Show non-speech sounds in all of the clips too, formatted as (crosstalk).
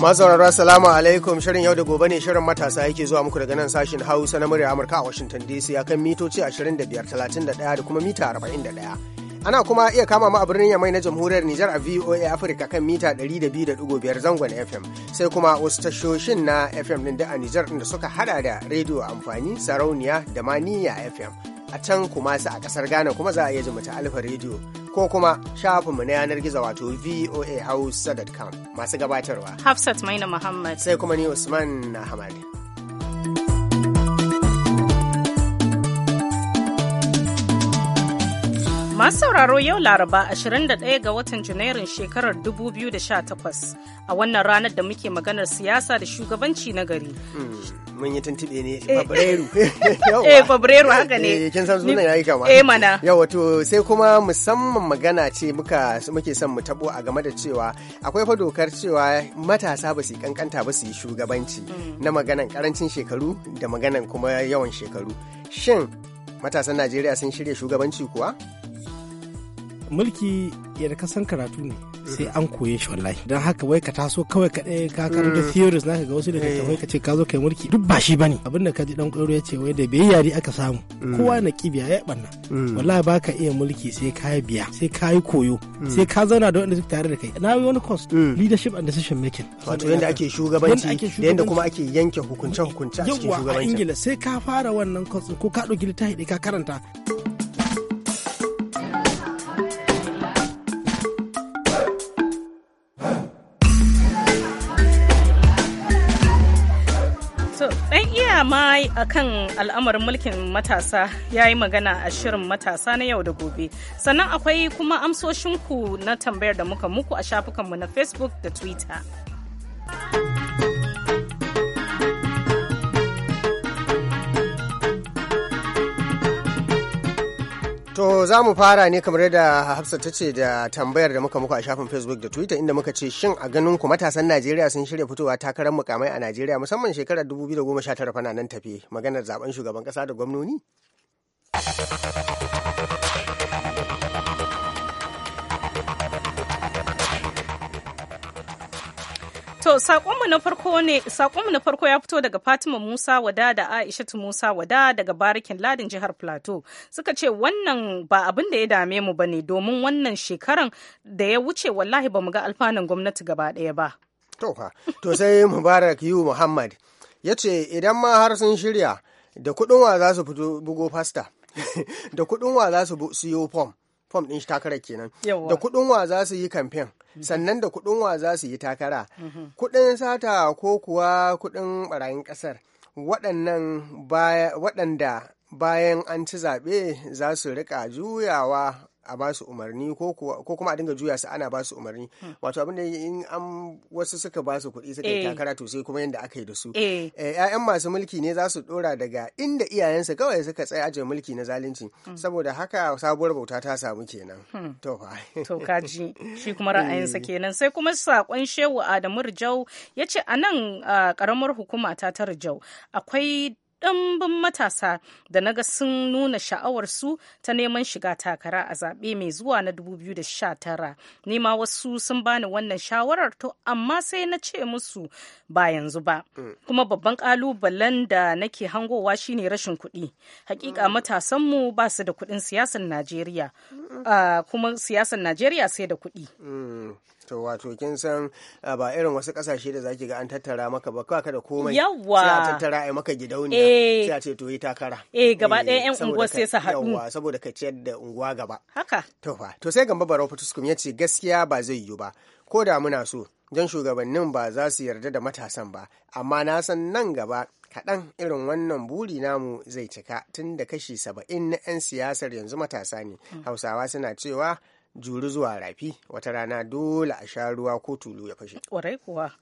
Mazaurara salamu alaikum shirin yau da gobe ne shirin matasa yake zuwa muku daga nan sashin Hausa na murya Amurka a Washington DC akan mitoci 2531 da kuma mita 41. Ana kuma iya kama mu a birnin Yamai na Jamhuriyar Nijar a VOA afirka kan mita 200.5 zangon FM sai kuma wasu tashoshin na FM din da a Nijar da suka hada da rediyo amfani sarauniya da maniya FM. a can kumasi a kasar ghana kuma za a iya jimata alfa rediyo ko kuma shafinmu na yanar gizo wato voahausa.com masu gabatarwa hafsat maina muhammad sai kuma ni usman hamadi Masu sauraro yau Laraba 21 ga watan Janairun shekarar 2018 a wannan ranar da muke maganar siyasa da shugabanci na gari. Hmm, mun yi tuntube ne eh. Fabrairu. (laughs) Eh Fabrairu haka ne. Eh, kin san sunan yayi kama. Eh mana. Yau wato sai kuma musamman magana ce muka muke son mu tabo a game da cewa akwai fa dokar cewa matasa ba su kankanta ba su yi shugabanci hmm. na maganan karancin shekaru da maganan kuma yawan shekaru. Shin matasan Najeriya sun shirya shugabanci kuwa? mulki yadda ka san karatu ne eh. sai an koye shi wallahi don haka wai ka taso kawai ka ɗaya ka karanta eh. theories Na ga wasu da ka eh. ka ce ka zo kai mulki duk ba shi bane abin da ka ji dan ƙoro ya ce wai da bai yari aka samu kowa na kibiya ya banna wallahi ka iya mulki sai ka yi biya sai ka yi koyo sai ka zauna da wanda suke tare da kai na yi wani course leadership and decision making wato yanda ake shugabanci da yanda kuma ake yanke hukunce hukunce a cikin shugabanci yawa a ingila sai ka fara wannan course ko ka ɗauki littafi ka karanta ma a kan al'amarin mulkin matasa ya yi magana a shirin matasa na yau da gobe sannan akwai kuma amsoshinku na tambayar da muka muku a shafukanmu na facebook da twitter To za mu fara ne kamar yadda Hafsa ta ce da tambayar da muka muku a shafin Facebook da Twitter inda muka ce shin a ganin ku matasan Najeriya sun shirya fitowa takarar mukamai a Najeriya musamman shekarar 2019 fana nan tafi maganar zaben shugaban kasa da gwamnoni? To sakonmu na farko ne saƙonmu na farko ya fito daga Fatima Musa Wada da Aishatu Musa Wada daga Barikin Ladin jihar Plateau suka ce wannan ba abin da ya dame mu ba ne domin wannan shekaran da ya wuce wallahi bamu ga alfanan gwamnati gaba ɗaya ba. To ha to sai (laughs) Mubarak Yu Muhammad ya ce idan ma har sun shirya da kuɗin wa za su fito bugo fasta (laughs) da kuɗin wa za su siyo fom fom ɗin shi takarar kenan da kuɗin wa za su yi kamfen sannan da kuɗin wa za su yi takara mhm. kuɗin sata ko kuwa kuɗin ɓarayin ƙasar waɗanda bayan an ci zaɓe za su riƙa juyawa a ba su umarni ko kuma a dinga juya su ana ba su umarni hmm. wato abinda in an wasu suka ba su kuɗi suka yi eh. takara to sai kuma yadda aka yi da su eh. Eh, ƴaƴan masu mulki ne za su ɗora daga inda iyayensa kawai suka tsaya ajiye mulki na zalunci hmm. saboda haka sabuwar bauta ta samu kenan hmm. to fa to shi kuma ra'ayinsa kenan sai kuma sakon shehu Adamu Rijau ya ce a nan karamar hukuma ta ta Rijau akwai dambun matasa da naga sun nuna sha'awarsu ta neman shiga takara a zaɓe mai zuwa na 2019 nema wasu sun bani wannan shawarar to amma sai na ce musu ba yanzu ba mm. kuma babban ƙalubalen da nake hangowa shine rashin kuɗi hakika mm. matasanmu ba su da kuɗin siyasar najeriya mm. ah, kuma siyasar najeriya sai da kuɗi to wato kin san eh, ba irin wasu kasashe da zaki ga an tattara maka ba ka da komai yawa sai a tattara ai maka gidauniya eh. sai a ce to yi takara eh gaba ɗaya yan eh, unguwa sai su haɗu yawa saboda ka ciyar da unguwa gaba haka to fa to sai gamba barau fatuskum ya ce gaskiya ba zai yiwu ba ko da muna so don shugabannin ba za su yarda da matasan ba amma na san nan gaba kaɗan irin wannan buri namu zai cika tun da kashi saba'in na 'yan siyasar yanzu matasa ne hmm. hausawa suna cewa juru zuwa rafi wata rana dole a sha ruwa ko tulu ya fashe. Warai kuwa.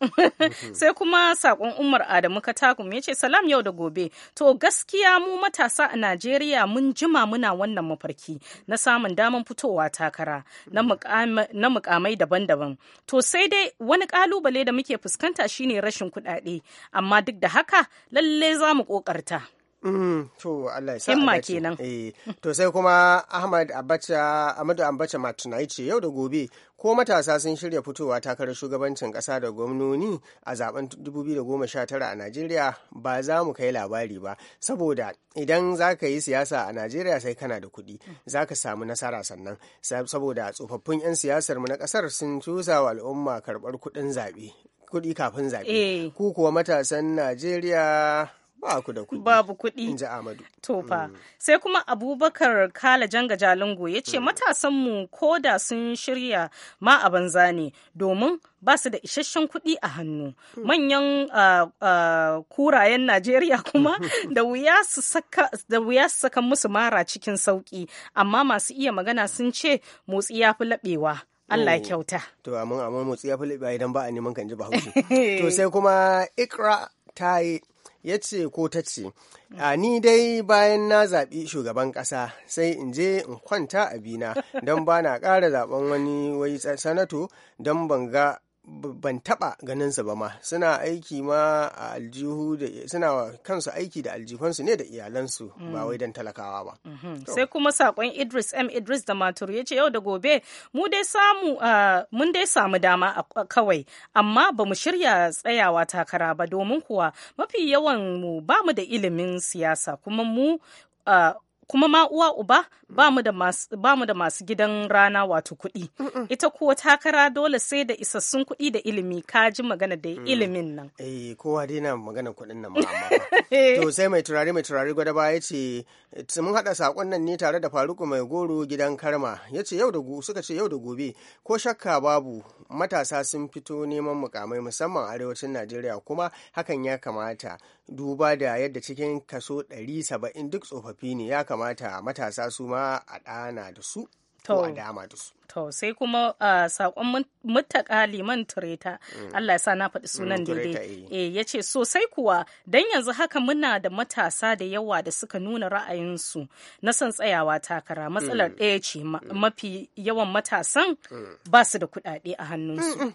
(laughs) Sai kuma saƙon Umar Adamu Katakum ya ce salam yau da gobe. To gaskiya mu matasa a Najeriya mun jima muna wannan mafarki na samun daman fitowa takara na mukamai daban-daban. To sai dai wani kalubale da muke fuskanta shine rashin kuɗaɗe amma duk da haka lalle za mu ƙoƙarta. Mm, to Allah ya sa himma kenan eh to sai kuma Ahmad Abacha Ahmadu Abacha Matunai ce yau da gobe ko matasa sun shirya fitowa takarar shugabancin ƙasa da gwamnoni a zaben 2019 a Najeriya ba za mu kai labari ba saboda idan za ka yi siyasa a Najeriya sai kana da kuɗi za ka samu nasara sannan saboda tsofaffin 'yan siyasar mu na ƙasar sun cusa wa al'umma karɓar kuɗin zaɓe kuɗi kafin zaɓe eh. ku kuwa matasan Najeriya ba ku da kuɗi babu kuɗi in ji amadu tofa mm. sai kuma abubakar kala janga jalingo ya ce mm. matasanmu ko da sun shirya ma a banza ne domin ba su da isasshen kuɗi a hannu mm. manyan uh, uh, kurayen najeriya (laughs) kuma da wuya su saka musu mara cikin sauki amma masu iya magana sun ce motsi ya fi laɓewa Allah ya mm. kyauta. To, amma amma motsi ya fi laɓewa idan ba a neman kan ji ba (laughs) To, sai kuma ikra ta yi ya ce ko ta ce a ni dai bayan na zaɓi shugaban ƙasa sai in je in kwanta bina don ba na ƙara zaɓen wani wai sanato don ban ga ban taɓa sa ba ma suna aiki ma a aljihu da suna kansu aiki da aljihunsu ne da iyalansu ba wai don talakawa ba. Mm-hmm. Sai kuma sakon Idris M Idris da Matur ya ce yau da gobe mu dai samu mun dai samu dama kawai amma ba mu shirya tsayawa takara ba domin kuwa mafi yawan mu ba mu da ilimin siyasa kuma mu kuma ma uwa uba mm. ba mu da masu gidan rana wato kuɗi ita kuwa takara dole sai da isassun kuɗi da ilimi ka ji magana da mm. ilimin nan eh kowa dai na magana kuɗin nan amma (laughs) to sai mai turare mai turare gwada ba ya ce mun haɗa sakon nan ne tare da faruku mai goro gidan karma ya ce yau da suka ce yau da gobe ko shakka babu matasa sun fito neman mukamai musamman arewacin najeriya kuma hakan ya kamata duba da yadda cikin kaso 170 duk tsofaffi ne ya kamata matasa su ma a ɗana da su to sai kuma uh, sakon mutaƙa liman tureta mm. Allah ya sa na faɗi mm, sunan daidai eh. Eh, ya ce sosai kuwa don yanzu haka muna da matasa da yawa da suka nuna ra'ayinsu na son tsayawa takara matsalar mm. ɗaya ce mafi yawan matasan ba su da kuɗaɗe a hannunsu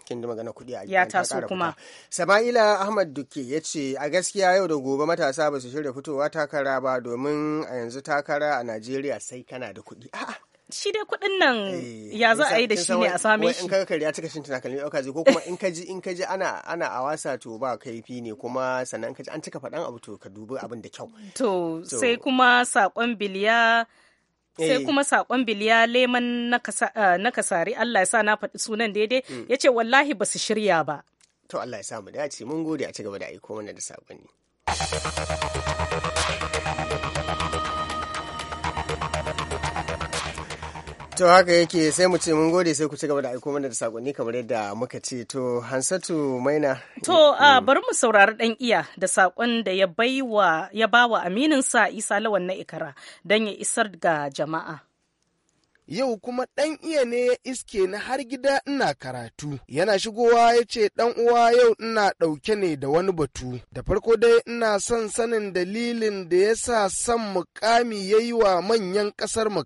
ya taso kuma Sama'ila Ahmad duke ya ce a gaskiya yau da gobe matasa ba su shirya fitowa takara ba domin a yanzu takara a Najeriya sai kana da kuɗi a'a shi dai kuɗin nan eh, ya za a yi da shi ne a same shi in kakar kariya cika tana kalmi ɗauka zai ko kuma in ka ji in ka ji ana ana a wasa to ba kaifi ne kuma sannan ka ji an cika faɗan abu to ka dubi abin da kyau to sai kuma saƙon biliya sai eh. kuma saƙon biliya leman na eh, kasari Allah ya sa na faɗi sunan daidai mm. ya ce wallahi ba su shirya ba. To Allah ya samu dace mun gode a ci gaba da aiko mana da saƙonni. To haka yake sai mu ce mun gode sai ku ci gaba da aiko mana da sakonni kamar yadda muka ce to Hansatu Maina. To a bari mu saurari dan iya da sakon da ya baiwa ya bawa aminin sa Isa Lawan na Ikara dan ya isar ga jama'a. yau kuma ɗan iya ne ya iske na har gida ina karatu yana shigowa ya ce ɗan uwa yau ina ɗauke ne da wani batu da farko dai ina son sanin dalilin da ya sa son mukami ya yi wa manyan ƙasar mu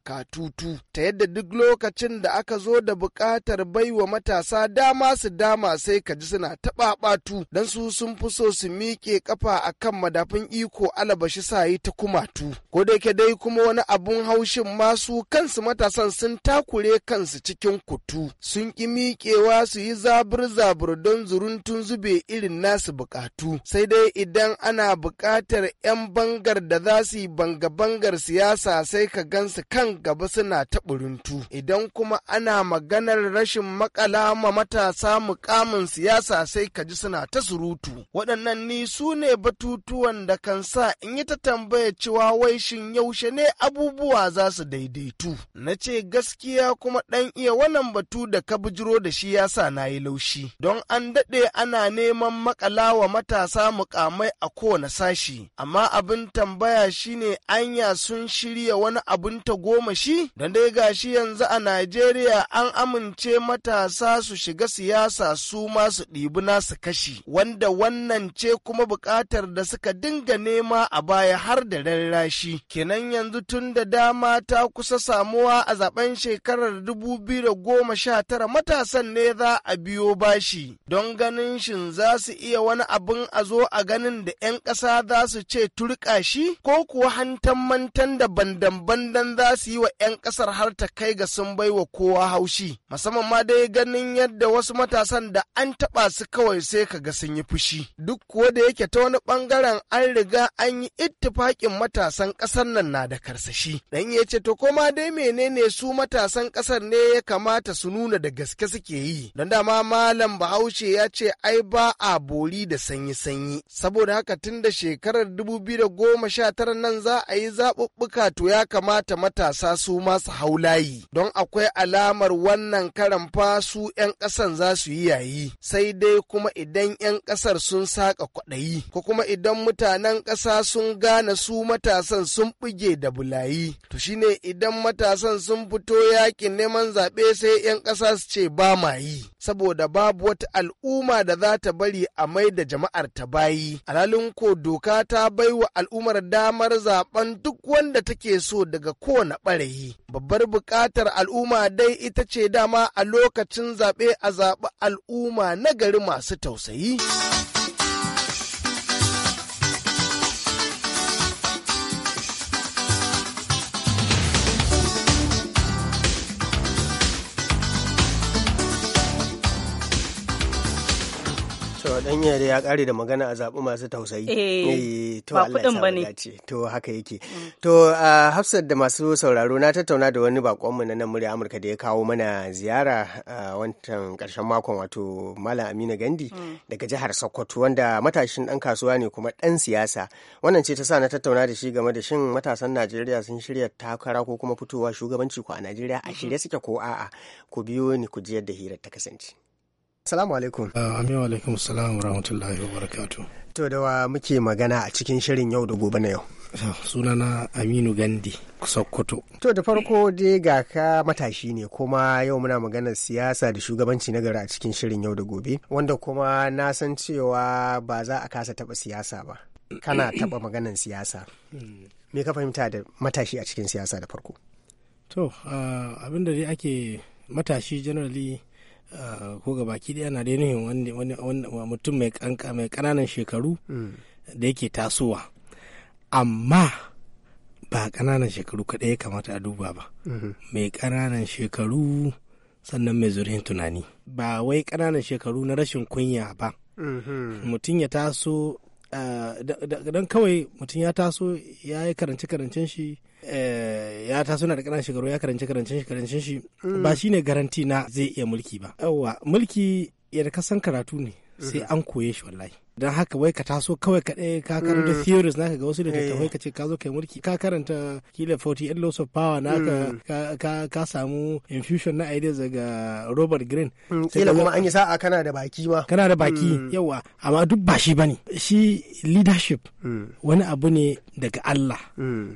ta yadda duk lokacin da aka zo da buƙatar baiwa matasa dama su dama sai ka ji suna taɓaɓatu don su sun fi so su miƙe ƙafa a kan madafin iko alabashi sa yi ta kumatu ko da dai kuma wani abun haushin masu kansu matasan sun takure kansu cikin kutu sun ƙi miƙewa su yi zabur-zabur don zuruntun zube irin nasu bukatu sai dai idan ana bukatar 'yan bangar da za su yi banga-bangar siyasa sai ka gansu kan gaba suna taɓuruntu idan kuma ana maganar rashin makala ma matasa mukamin siyasa sai ka ji suna ta surutu waɗannan ni su ne batutuwan da kan sa in yi ta tambaya cewa wai shin yaushe ne abubuwa za su daidaitu na ce gaskiya kuma ɗan iya wannan batu da ka bijiro da shi ya sa na yi laushi. Don an daɗe ana neman wa matasa mukamai a kowane sashi, amma abin tambaya shine anya sun shirya wani abin ta goma shi? Don dai shi yanzu a Najeriya an amince matasa su shiga siyasa su ma su ɗibi nasu kashi, wanda wannan ce kuma buƙatar da suka dinga nema a baya har da rarrashi. Kenan yanzu tun da dama ta kusa samuwa a zaben shekarar 2019 matasan ne za a biyo bashi don ganin shin za su iya wani abin a zo a ganin da 'yan ƙasa za su ce turka shi ko kuwa hantan mantan da bandan-bandan za su yi wa 'yan ƙasar har ta kai ga sun bai wa kowa haushi musamman ma dai ganin yadda wasu matasan da an taɓa su kawai sai ka ga sun yi fushi duk kuwa da yake ta wani ɓangaren an riga an yi ittifaƙin matasan ƙasar nan na da karsashi dan yace ce to koma dai menene su matasan ƙasar ne ya kamata su nuna da gaske suke yi don dama malam bahaushe ya ce ai ba a bori da sanyi-sanyi saboda haka tun da shekarar da goma sha tara nan za a yi zaɓuɓɓuka to ya kamata matasa su masu haulayi don akwai alamar wannan karan fa su 'yan ƙasan za su yi yayi sai dai kuma idan 'yan ƙasar sun saƙa kwaɗayi ko kuma idan mutanen ƙasa sun gane su matasan sun buge da bulayi to shine idan matasan sun fito yakin neman zaɓe sai 'yan ƙasa su ce ba ma yi saboda babu wata al'umma da za ta bari a mai da jama'ar ta bayi alhalin ko doka ta bai wa al'ummar damar zaɓen duk wanda take so daga kowane ɓarayi babbar buƙatar al'umma dai ita ce dama a lokacin zaɓe a zaɓi al'umma na gari masu tausayi. to dan ya kare da magana a zaɓi masu tausayi eh, eh to Allah ya to haka yake mm. to da masu sauraro na tattauna da wani bakon mu na nan murya Amurka da ya kawo mana ziyara wancan karshen makon wato Malam Aminu Gandi mm. daga jihar Sokoto wanda matashin ɗan kasuwa ne kuma ɗan siyasa wannan ce ta sa na tattauna da shi game da shin matasan Najeriya sun shirya takara ko kuma fitowa shugabanci ko a Najeriya a mm-hmm. shirye suke ko a'a ku biyo ni ku ji yadda hirar ta kasance Salamu alaikum. Ah, amin alaikum salam wa rahmatullahi wa barakatu. To da wa muke magana a cikin shirin yau da gobe na yau. Ah, sunana Aminu Gandi, Sokoto. To da farko dai ga ka matashi ne kuma yau muna maganar siyasa da shugabanci na gari a cikin shirin yau da gobe wanda kuma na san cewa ba za a kasa taba siyasa ba. Kana mm. taba maganar siyasa. Me ka fahimta da matashi a cikin siyasa da farko? To ah, abin da dai ake matashi generally Uh, ko ga baki daya na dai nuhin mutum mai kananan shekaru mm. da yake tasowa amma ba kananan shekaru kaɗai ya kamata a duba ba mm-hmm. mai kananan shekaru sannan mai zurin tunani ba wai kananan shekaru na rashin kunya ba mm-hmm. mutum ya taso Eh, dan kawai mutum ya taso ya yi karance karancen shi eh, ya taso na da ƙananan shekaru ya karance karancen shi karancen shi mm. ba ne garanti na zai iya mulki ba yawwa mulki yadda kasan karatu ne mm. sai an koye shi wallahi don haka wai ka taso kawai ka ɗaya ka karanta mm. theories naka ga wasu da ta eh. ka ce ka zo kai mulki ka karanta kila 48 laws of power naka mm. ka samu infusion na ideas daga Robert Greene mm, kila kuma an yi sa'a kana da baki ma kana da baki yawa amma duk ba shi bane shi leadership wani abu ne daga Allah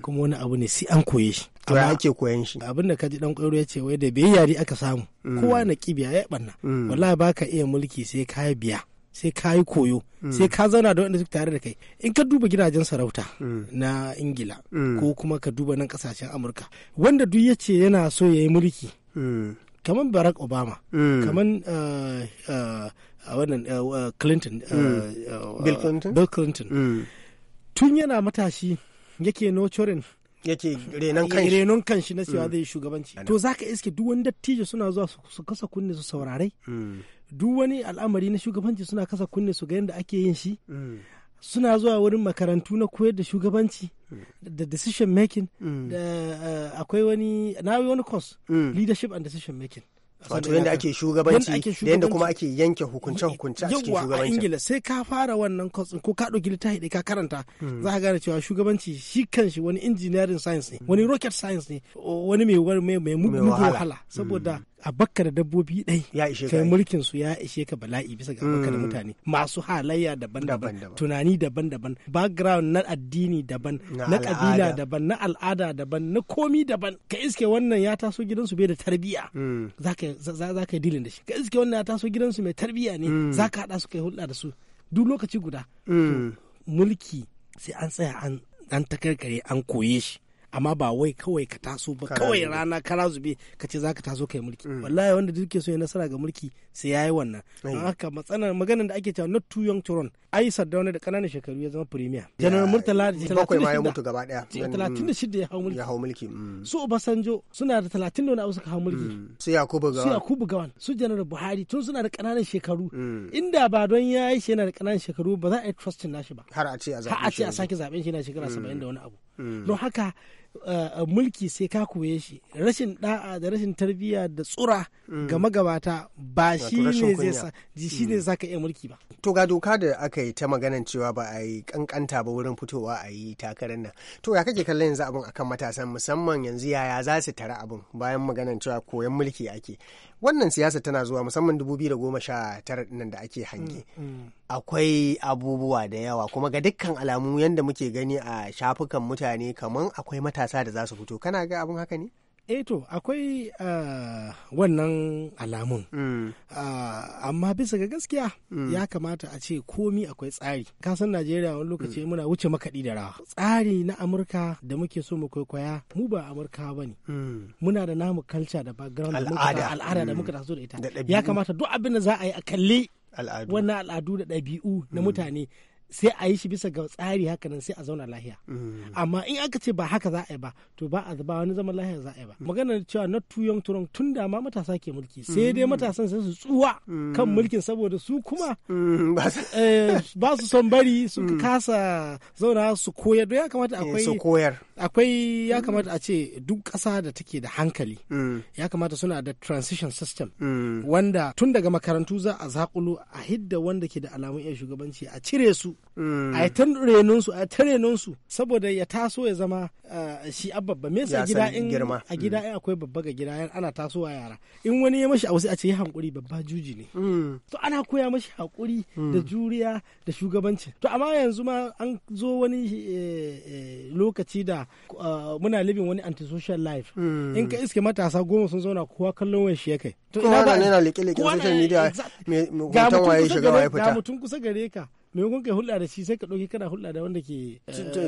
kuma wani abu ne sai an koye shi to ya ake koyan shi abin da kaji dan kwairo ya ce wai da biyayya ne aka samu kowa na kibiya ya banna wallahi baka iya mulki sai ka biya sai ka yi koyo mm. sai ka zauna da wanda suke tare da kai in ka duba gidajen sarauta mm. na ingila mm. ko kuma ka duba nan kasashen amurka wanda duk ya ce yana so ya yi mulki kamar barack obama kamar wannan clinton bill clinton tun yana matashi yake nochorin yake renon kanshi renon kanshi na cewa mm. zai shugabanci to zaka iske duk wani dattijo suna zuwa su kasa kunne su saurare mm. duk wani al'amari na shugabanci suna kasa kunne su ga yadda ake yin shi mm. suna zuwa wurin makarantu na koyar da shugabanci da decision making da eh, akwai wani na wani course leadership and decision making wato yadda ake shugabanci da yadda kuma ake yanke hukunce hukunce a cikin shugabanci ingila sai ka fara wannan kotsin ko ka ɗauki littafi ɗaya ka karanta hmm. za ka gane cewa shugabanci shi kanshi wani engineering science ne wani rocket science ne wani mai mai mai wahala saboda hmm. a bakka da dabbobi ɗai ya ishe kai mulkin su ya ishe ka bala'i bisa ga bakka da mm. mutane masu halayya daban-daban tunani daban-daban background na addini daban na kabila daban na al'ada daban na komi daban ka iske wannan ya taso gidansu bai da tarbiya mm. za ka yi dilin da shi ka iske wannan ya taso gidansu mai tarbiya ne mm. za ka haɗa su kai hulɗa da su duk lokaci guda mulki sai an tsaya an takarkare an koye shi amma ba wai kawai ka taso ba kawai rana kara zube ka ce za ka taso kai mulki mm. wallahi wanda duke so ya nasara ga mulki sai ya yi wannan don oh. haka matsalar maganar da ake cewa not too young to run ai sardauna da ƙananan shekaru ya zama premier general murtala da bakwai ma ya mutu gaba daya mm. ya hau mulki ya hau mulki mm. su obasanjo suna da 30 da wani abu suka hau mulki su yakubu gawan su yakubu gawan su general buhari tun suna da ƙananan shekaru inda ba don ya yi shi yana da ƙananan shekaru ba za a yi trustin nashi ba har a ce a zaɓe shi a sake zaben shi na shekara 70 da wani abu don haka mulki sai ka koye shi rashin da'a da rashin tarbiyya da tsura mm. ga magabata ba shi ne zai sa shi mm. iya mulki ba to ga doka da aka yi ta maganan cewa ba a yi kankanta ba wurin fitowa a yi takarar nan to ya kake kallon yanzu abin akan matasan musamman yanzu yaya za su tara abin bayan maganan cewa koyon mulki ake wannan siyasa tana zuwa musamman 2019 nan da ake hange mm, mm. akwai abubuwa da yawa kuma ga dukkan alamu yadda muke gani a shafukan mutane kaman akwai matasa da za su fito kana ga abin haka ne eh to akwai uh, wannan alamun mm. uh, amma bisa ga gaskiya mm. ya kamata a ce komi akwai tsari kasan najeriya wani lokaci mm. muna wuce makaɗi da rawa tsari na amurka da muke so mu kwaikwaya mu ba amurka ba ne mm. muna da namu kalca da background al'ada da mm. muka taso da ita ya kamata duk abin da za a yi a kalli wannan al'adu da ɗabi'u na mutane sai a yi shi bisa ga tsari haka nan sai a zauna lahiya mm. amma in aka ce ba haka za a yi ba to ba a ba wani zaman lahiya za a yi ba maganar cewa na tuyon turon tun da ma matasa ke mulki sai dai mm. matasan sai su tsuwa mm. kan mulkin saboda su kuma eh, ba su son bari su (laughs) kasa zauna su koyar ya kamata eh, akwai su koyar akwai ya kamata a ce duk ƙasa da take da hankali mm. ya kamata suna da transition system mm. wanda tun daga makarantu za a a hidda wanda ke da alamun yan shugabanci a cire su mm. a yi ta renonsu a ta renonsu saboda ya taso ya zama eh, shi babba me yasa gida in a gida in akwai babba ga gida ana tasowa yara in wani ya mashi a wasu a ce yi hankuri babba juji ne to ana koya mashi hakuri da juriya da shugabanci to amma yanzu ma an zo wani eh, eh, lokaci da Ah, muna living wani antisocial life hmm. in ka iske matasa goma sun zauna kowa kallon wani shi kai kowa na ba ne na leke leke social media me mutum waye shiga waye fita ga mutum kusa gare ka kun kai hulɗa da shi sai ka ɗauki kana hulɗa da wanda ke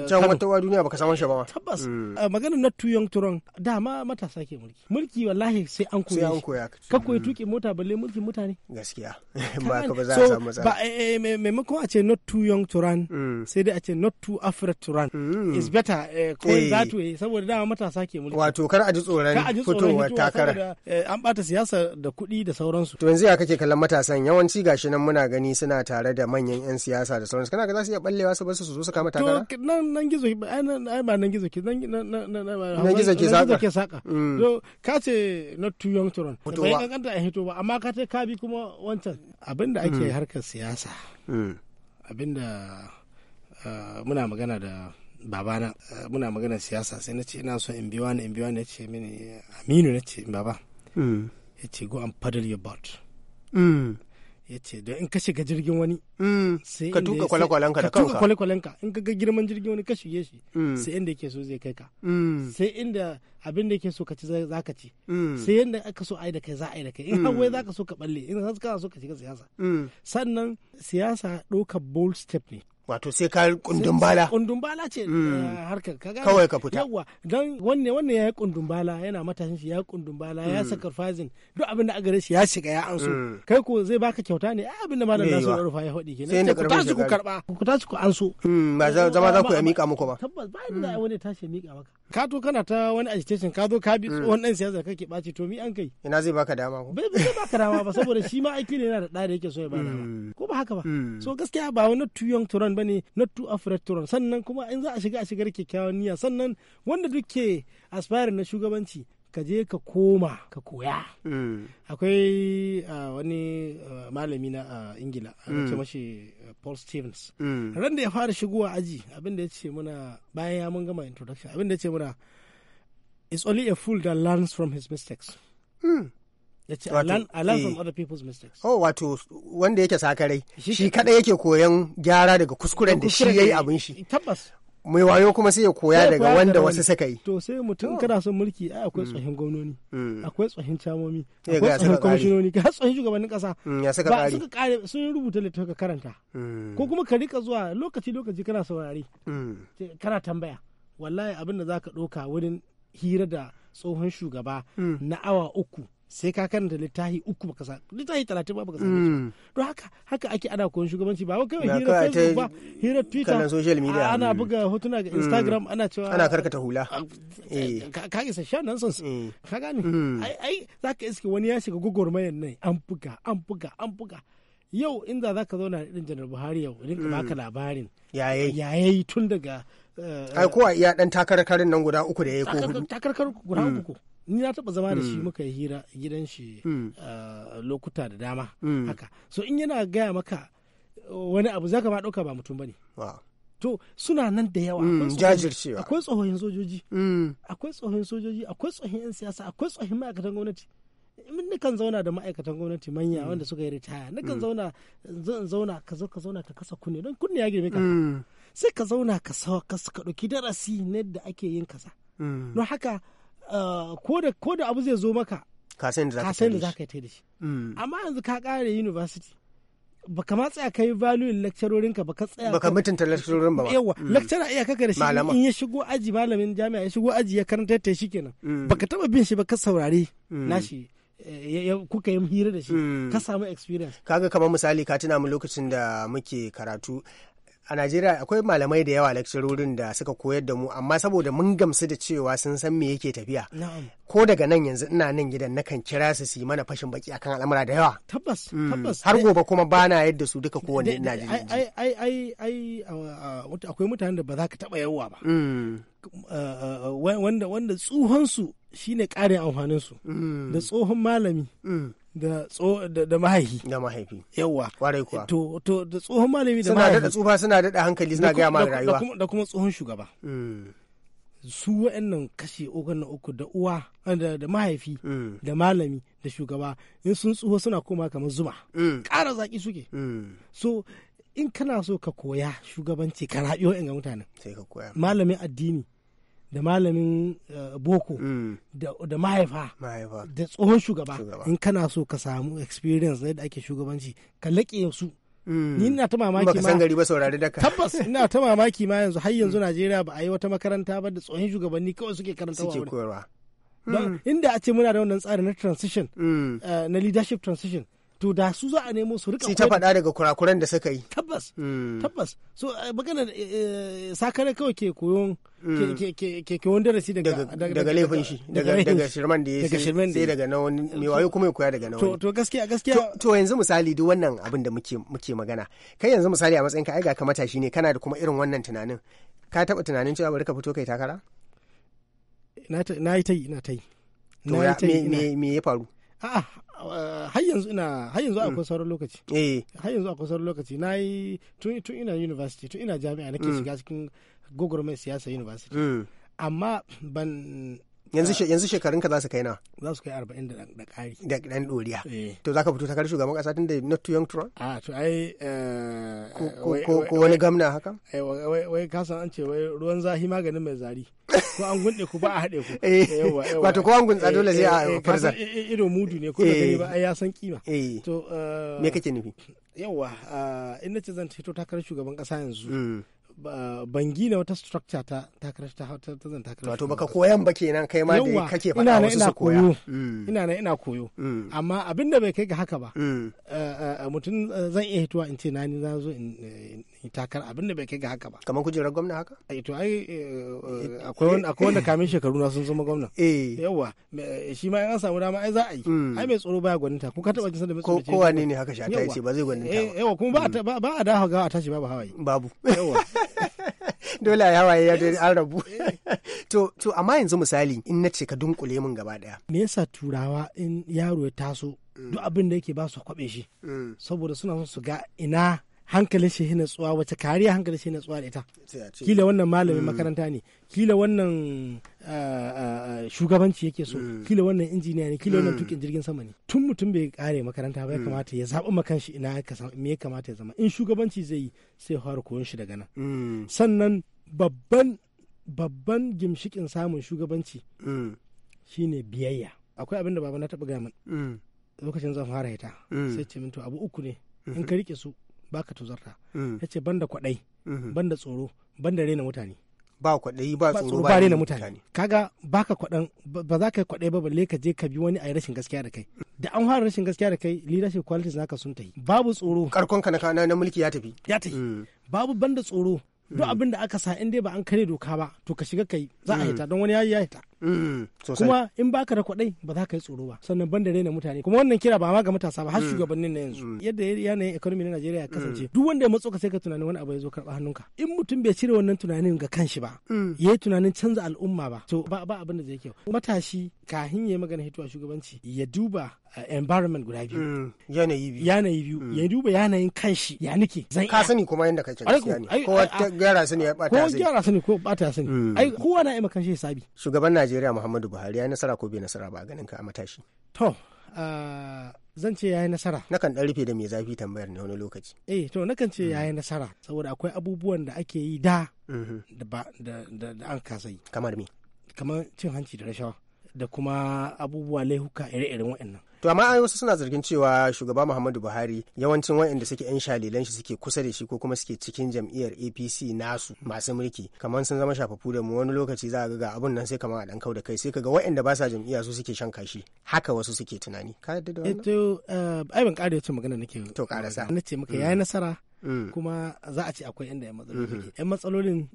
can eh, wata wa duniya baka samu shi ba tabbas mm. eh, maganar na tuyon turon ma matasa ke mulki mulki wallahi sai an koya sai an koya ka koyi mm. tuki mota balle mulki mutane gaskiya ba ka ba za a samu matsala eh, maimakon a ce not too young turan mm. sai dai a ce not tu afro turan is better ko za tu yi saboda dama matasa ke mulki wato kar a ji tsoron fitowar takara an bata siyasa da kuɗi da sauransu to yanzu ya kake kallon matasan yawanci gashi nan muna gani suna tare da manyan 'yan siyasa siyasa da sauransu kana ga za su iya ballewa su basu su zo su kama takara to nan nan gizo ai ba nan gizo ke nan nan gizo ke saka ke saka so mm. ka ce not too young to run bai kanta a hito ba amma ka ce ka bi kuma wancan abinda ake mm. harkar siyasa mm. abinda ah, muna magana da babana ah, muna magana siyasa sai na ce ina so in biwa ni in biwa ni ya ce mini aminu na ce baba ya ce go and paddle your boat ya ce don in ka shiga jirgin wani mm. sai ka tuka kwale-kwalenka da kanka ka tuka in ka ga girman jirgin wani ka shige shi mm. sai inda yake so zai kai ka mm. sai inda abin da yake so ka ci za ka ci sai yadda aka so a da kai za a yi da kai in har za ka so ka balle in har kana so ka shiga siyasa sannan siyasa ɗaukar bold step ne wato sai ka kundin bala kundin bala ce mm. eh, harkar ka gane kawai ka fita yawa dan wanne wanne yayi kundin bala yana matashin shi yayi kundin bala ya mm. saka farfazin duk abin da gare shi ya shiga ya anso mm. kai ko zai baka kyauta ne a ah, abin da malam nasu rufa ya hodi kenan sai ku tashi ku karba ku tashi ku anso ba zama za ku ya mika muku ba tabbas ba inda wani tashi mika maka ka to kana ta wani agitation ka zo ka bi tsohon dan siyasa kake baci to mi an kai ina zai baka dama ko bai zai baka dama ba saboda shi ma aiki ne yana da da yake so ya ba dama ko ba haka ba so gaskiya ba wani tuyon turon plan bane not to afraid to run sannan kuma in za a shiga a shigar kyakkyawan niyya sannan wanda duke aspiring na shugabanci ka je ka koma ka koya mm. akwai ah, wani ah, malami na ah, ingila a ce mm. mashi paul stevens mm. ran da ya fara shigowa aji da ya ce muna bayan ya mun gama introduction abinda ya ce muna it's only a fool that learns from his mistakes i learn eh. from other people's mistakes oh wato wanda yake sakarai shi kadai yake koyan gyara daga kuskuren da shi yayi abin shi eh, tabbas mai wayo kuma sai ya koya daga wanda wasu suka yi to sai mutum oh. kana son mulki ai akwai mm. tsohin gwamnoni mm. akwai tsohin camomi eh, akwai tsohin kwamishinoni ga tsohin shugabannin kasa mm, ya suka kare suka kare sun rubuta littafin ka karanta ko kuma ka rika zuwa lokaci lokaci kana saurare kana tambaya wallahi abin da zaka doka wurin hira da tsohon shugaba na awa uku sai ka karanta littafi uku baka sa littafi talatin ba baka mm. sa don haka haka ake ana koyon shugabanci ba kawai hira facebook ba hira twitter ana mm. buga hotuna ga mm. instagram ana cewa ana karkata hula ah, eh. Eh, ka isa sha nan sun ka gane ai ka iske wani ya shiga mayan nan an buga an buga an buga yau inda za ka zauna irin janar buhari yau rinka baka labarin Yaye tun daga eh, ai kowa iya dan takarkarin nan guda uku da ya ko hudu takarkar guda uku ni na taba zama da shi mm. muka yi hira gidan shi mm. lokuta da dama mm. haka so in yana gaya maka uh, wani abu zaka ma dauka ba mutum bane to suna nan da yawa jajircewa akwai tsohon sojoji akwai tsohon sojoji akwai tsohon yan siyasa akwai tsohon ma'aikatan gwamnati kan zauna da ma'aikatan gwamnati manya wanda suka yi ritaya kan zauna zan zauna ka zo ka zauna ka kasa kunne don kunne ya girme ka sai ka zauna ka sawa ka ɗauki darasi ne da ake yin kasa don haka Eh, ko da abu zai zo maka ka da za ka yi da shi mm. amma yanzu ka kare university ka matsaya ka yi value lecturerin ka ka tsaya ka mutunta lecturerin ba yawa mm. lecturer iya kaka da shi in ya shigo aji malamin jami'a ya shigo aji ya karanta ta shi kenan mm. ka taba bin shi ka saurare nashi eh, kuka yi hira da shi ka samu experience kaga kamar misali ka tuna mu lokacin da muke karatu a Najeriya akwai malamai da yawa lakcirorin da suka koyar da mu amma saboda mun gamsu da cewa sun san me yake tafiya. Ko daga nan yanzu ina nan gidan nakan kira su su yi mana fashin baki akan al'amura da yawa. Tabbas, hmm. tabbas. Har eh, gobe kuma ba na yadda su duka eh, kowanne eh, ina jin. Ai ai ai ai akwai mutanen da ba za ka taba yawa ba. Hmm. Wanda wanda tsohon su shine ƙarin amfanin su. Hmm. Da tsohon malami. da tso da mahaifi da mahaifi yawa kwarai kuwa to to da tsohon malami da mahaifi suna da tsufa suna da hankali suna ga mara rayuwa da kuma tsohon shugaba mm. su wa'annan kashe uku na uku da uwa da mahaifi mm. da malami da shugaba in sun tsoho suna koma kamar zuma mm. ƙara zaƙi suke so in kana so ka koya shugabanci ka mutanen. Sai ka mutanen malamin addini da malamin eh, boko mm. da mahaifa da tsohon shugaba in kana so ka samu experience da ake shugabanci ka laƙe su mm. ni ina ta mamaki ma gari ba saurari daka tabbas ina ta (laughs) mamaki ma yanzu har yanzu Najeriya ba a yi wata makaranta ba da tsohon shugabanni kawai suke karanta suke koyarwa mm. inda a ce muna da wannan tsari na transition eh, na leadership transition to da su za a nemo su rika ta faɗa daga kurakuran da suka yi tabbas hmm. tabbas so eh, magana eh, eh, sakare kawai ke koyon ke hmm. ke wanda darasi daga daga laifin shi daga daga shirman da ya sai daga na wani mai wayo kuma ya koya daga na wani to gaskiya gaskiya to yanzu misali duk wannan abin da muke muke magana kai yanzu misali a matsayin ka ai ga ka matashi ne kana da kuma irin wannan tunanin ka taba tunanin cewa bari ka fito kai takara na yi ta yi na ta yi me ya faru a'a Ah, har yanzu ina har yanzu akwai mm. sauran lokaci eh har yanzu akwai sauran lokaci na yi tun ina university tun ina jami'a nake mm. shiga cikin gwagwarmar siyasa university mm. amma ban yanzu shekarunka za su kai na za su kai arba'in da ƙari da ɗan ɗoriya eh. to za ka fito takarar shugaban kasa tun da not too young tron a ah, to ai eh, ko wani gamna haka eh, wai ka san an ce wai ruwan zahi maganin mai zari ko an gunde ku ba a haɗe ku (laughs) wato ko an gunɗa dole sai a farza ido mudu ne ko da gani ba ai ya san kima to me kake nufi yawa ah, in nace zan fito takarar shugaban kasa yanzu mm. ban gina wata structure ta takarar ta ta zan takarar wato baka koyan ba kenan kai ma da kake faɗa wasu su koya mm. ina na ina koyo mm. amma abin da bai kai ga haka ba mm. eh, eh, eh, mutum zan iya hituwa in ce na ni na zo in takar abin da bai kai ga haka ba kamar kujerar gwamna haka ai eh, to ai eh, eh, akwai wanda kamin shekaru na sun zama gwamna eh yawa shi ma an samu dama ai za a yi mm. ai mai tsoro baya gwaninta ko ka taba jin sanda mai tsoro ko wane ne haka shata yace ba zai gwaninta ba yawa kuma mm. ba ba a da ga a tashi babu hawaye babu yawa (laughs) dole ya hawaye ya an rabu (laughs) to to amma yanzu misali in na ce ka dunkule min gaba daya me yasa turawa in yaro ya taso duk mm. abin da yake ba su kwabe shi saboda suna son su ga ina hankalin shi tsuwa wace kariya hankalin shi tsuwa da ita kila wannan mm. malamin makaranta ne kila wannan shugabanci yake so mm. kila wannan injiniya ne kila wannan mm. tukin jirgin sama ne tun mutum bai kare makaranta ba ya kamata ya zaɓi makan shi ina me ya kamata ya zama in shugabanci zai yi sai fara koyon shi daga nan sannan babban babban gimshikin samun shugabanci shine biyayya akwai abinda da baba na taɓa gamin lokacin zan fara ita. sai ce min to abu uku ne in ka mm-hmm. rike su baka tozarta mm. ya ce banda kwaɗai mm-hmm. banda tsoro banda rena mutane ba kwaɗayi ba tsoro ba rena mutane kaga baka kwaɗan ba za ka yi kwaɗayi ba balle ka je ka bi wani a yi rashin gaskiya da kai da an fara rashin gaskiya da kai leadership qualities naka sun tafi. babu tsoro karkon ka na na mulki ya tafi ya tafi mm. babu banda tsoro duk mm. abin da aka sa in dai ba an kare doka ba to ka shiga kai za a hita don wani ya yi ya hita kuma in baka da kwaɗai ba za ka yi tsoro ba sannan ban da raina mutane kuma wannan kira ba ma ga matasa ba har mm. shugabannin na yanzu mm. yadda yanayin economy na Najeriya ya mm. kasance duk wanda ya matso ka sai ka tunanin wani abu ya zo karɓa hannunka in mutum bai cire wannan tunanin ga kanshi ba ya yi tunanin canza al'umma ba to ba abin da zai kyau matashi kahin ya magana hitowa shugabanci ya duba eh, environment guda biyu yanayi biyu yanayi biyu ya duba yanayin kanshi ya nike zan ka sani kuma yanda kake gaskiya ne ko gyara sani ya bata sani ko gyara sani ko bata sani ai kowa na yi makan hisabi shugaban Najeriya najeriya muhammadu buhari ya yi nasara ko bai nasara ba ganin ka a matashi to zan ce ya yi nasara nakan ɗan rufe da mai zafi tambayar ne wani lokaci eh to nakan ce ya yi nasara saboda akwai abubuwan da ake yi da mm-hmm. da an kasa yi kamar me kamar cin hanci da rashawa da kuma abubuwa laihuka ire-iren waɗannan to amma ai wasu suna zargin cewa shugaba muhammadu buhari yawancin wayanda suke yan shalilan shi suke kusa da shi ko kuma suke cikin jam'iyyar apc nasu masu mulki kamar sun zama shafafu da mu wani lokaci za a ga abun nan sai kamar a dan kau da kai sai kaga wayanda ba sa jam'iyya su suke shan kashi haka wasu suke tunani ka yadda da wannan eh to eh, ai ban ƙara yace magana nake to ƙarasa nace maka yayi nasara Eh. kuma za a ce akwai inda yan matsaloli eh. yan matsalolin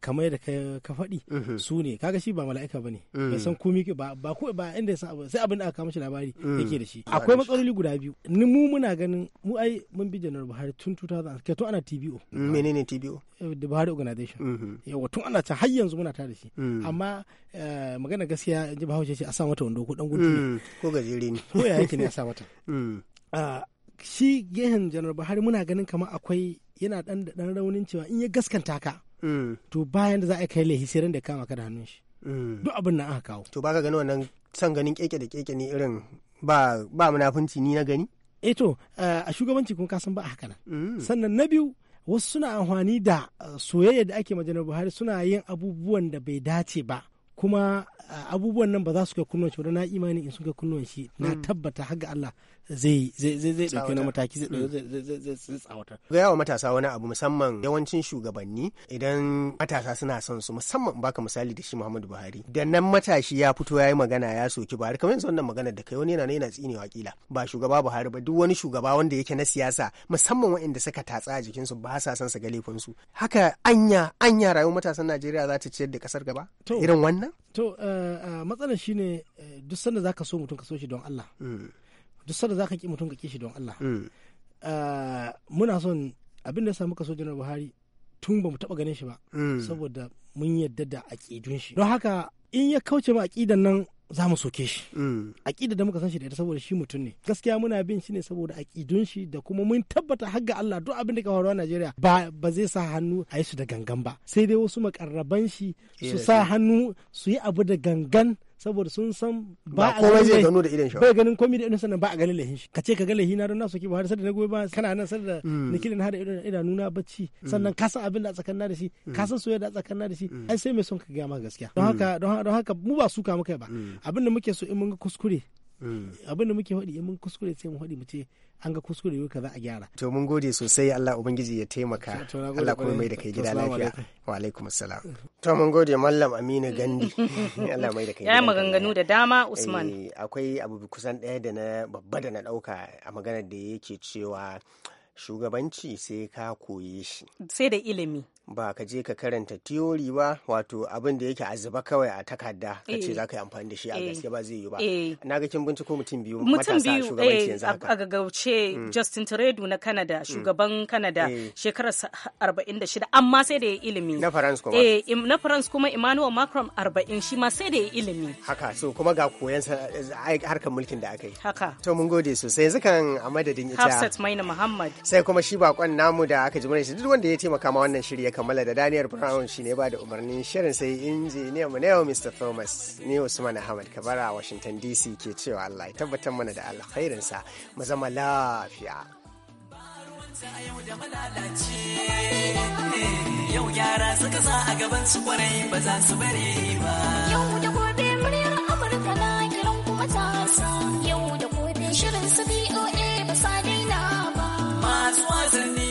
kamar da ka faɗi eh. su ne kaga shi ba mala'ika ba ne. bai san komi ba ba ko ba inda ya san abu sai abin da aka kawo mishi labari yake da shi akwai matsaloli guda biyu ni mu muna ganin mu ai mun bi janar Buhari tun 2000 ke tun ana TBO menene TBO da Buhari organization mm-hmm. yawa tun ana ta har yanzu muna tare da shi mm. amma magana gaskiya in ji Bahaushe ce a sa mata wando ko dan gudu ne mm. ko gajere ne ko ya yake ne a sa mata mm. ah, shi gehen janar buhari muna ganin kamar akwai yana dan da dan raunin cewa in ya gaskanta ka mm. to bayan da za a kai laifi sai da kama ka da hannun shi mm. duk abin nan aka kawo to baka gani wannan san ganin keke da keke ne irin ba ba munafunci ni na gani eh to eh, a shugabanci kun kasan ba haka nan mm. sannan na biyu wasu suna amfani da eh, soyayya da ake majalar buhari suna yin abubuwan da bai dace ba kuma eh, abubuwan nan ba za su kai kunnuwan shi na imani in sun kai kunnuwan shi na tabbata har ga Allah zai ɗauki na mataki zai mm. tsawatar. Ga yawa matasa wani abu musamman yawancin shugabanni idan matasa suna son su musamman baka misali da shi Muhammadu Buhari. Da nan matashi ya fito ya yi magana ya soki Buhari kamar yanzu wannan magana da kai wani yana yana tsine wakila ba shugaba Buhari ba duk wani shugaba wanda yake na siyasa musamman wanda suka tatsa a jikinsu ba sa san su ga laifinsu. Haka anya anya rayuwar matasan Najeriya za ta ciyar da kasar gaba irin wannan? To eh, eh, matsalar shine eh, duk sanda zaka so mutum ka so shi don Allah. Mm. duk sanda za ka ki mutum ka ki shi don Allah eh. ah, muna son abin da ya samu kaso janar buhari tun ba mu taɓa ganin shi ba eh. saboda mun yadda da aƙidun shi don haka in ya kauce ma aƙidan nan za mu soke shi eh. aƙidar da muka san shi da ita saboda shi mutum ne gaskiya muna bin shi ne saboda aƙidun shi da kuma mun tabbata har ga Allah duk abin da ka faru a Najeriya ba ba zai sa hannu a yi su da gangan ba sai dai wasu makarraban shi su sa hannu su yi abu da gangan saboda sun san ba a komai zai gano da idan shi bai ganin komai da idan sannan ba a ganin lahin shi ka ce ka ga lahin na don nasu ki ba har sai da na goyi ba kana nan sai da kilin da idan idan na bacci mm. sannan ka san abin da tsakan na da shi ka mm. san soyayya da tsakan na da shi mm. ai sai mai son ka ga ma gaskiya don haka don haka mu ba suka muka ba abin da muke so in mun ga kuskure Mm. abin da muke faɗi in mun kuskure sai mu faɗi mu ce an ga kuskure yau za a gyara to mun gode sosai Allah ubangiji ya taimaka Allah kuma mai da kai gida lafiya wa alaikum assalam to mun gode mallam Aminu Gandi (laughs) Allah mai da kai ya maganganu da dama eh, Usman akwai abu kusan ɗaya da na babba da na ɗauka a maganar da yake cewa shugabanci sai ka koye shi sai da ilimi ba ka je ka karanta tiyori ba wato abin da yake azuba kawai a takarda ka ce eh. za ka yi amfani da shi a eh. gaske ba zai yi ba eh. na ga kin binciko mutum biyu matasa shugabanci yanzu haka a gagauce mm. Justin Trudeau na Canada mm. shugaban Canada shekarar 46 amma sai da ya ilimi na France kuma eh na France kuma Emmanuel Macron 40 shi ma sai da ya ilimi haka so kuma ga koyan sa harkar mulkin da aka yi haka to mun gode sosai yanzu kan a madadin ita Hafsat Maina Muhammad sai kuma shi bakon namu da aka ji shi duk wanda ya taimaka ma wannan shirya kammala da Daniel Brown shi ne ba da umarnin shirin sai injiniya mu yau Mr. Thomas ni Usman Ahmad Kabara a Washington DC ke cewa Allah ya tabbatar mana da alkhairinsa mu zama lafiya. Yau yara suka sa a gaban su kwarai ba za su bare ba. Yau da gobe muryar Amurka na kiran kuma ta Yau da gobe shirin su BOA ba sa rising.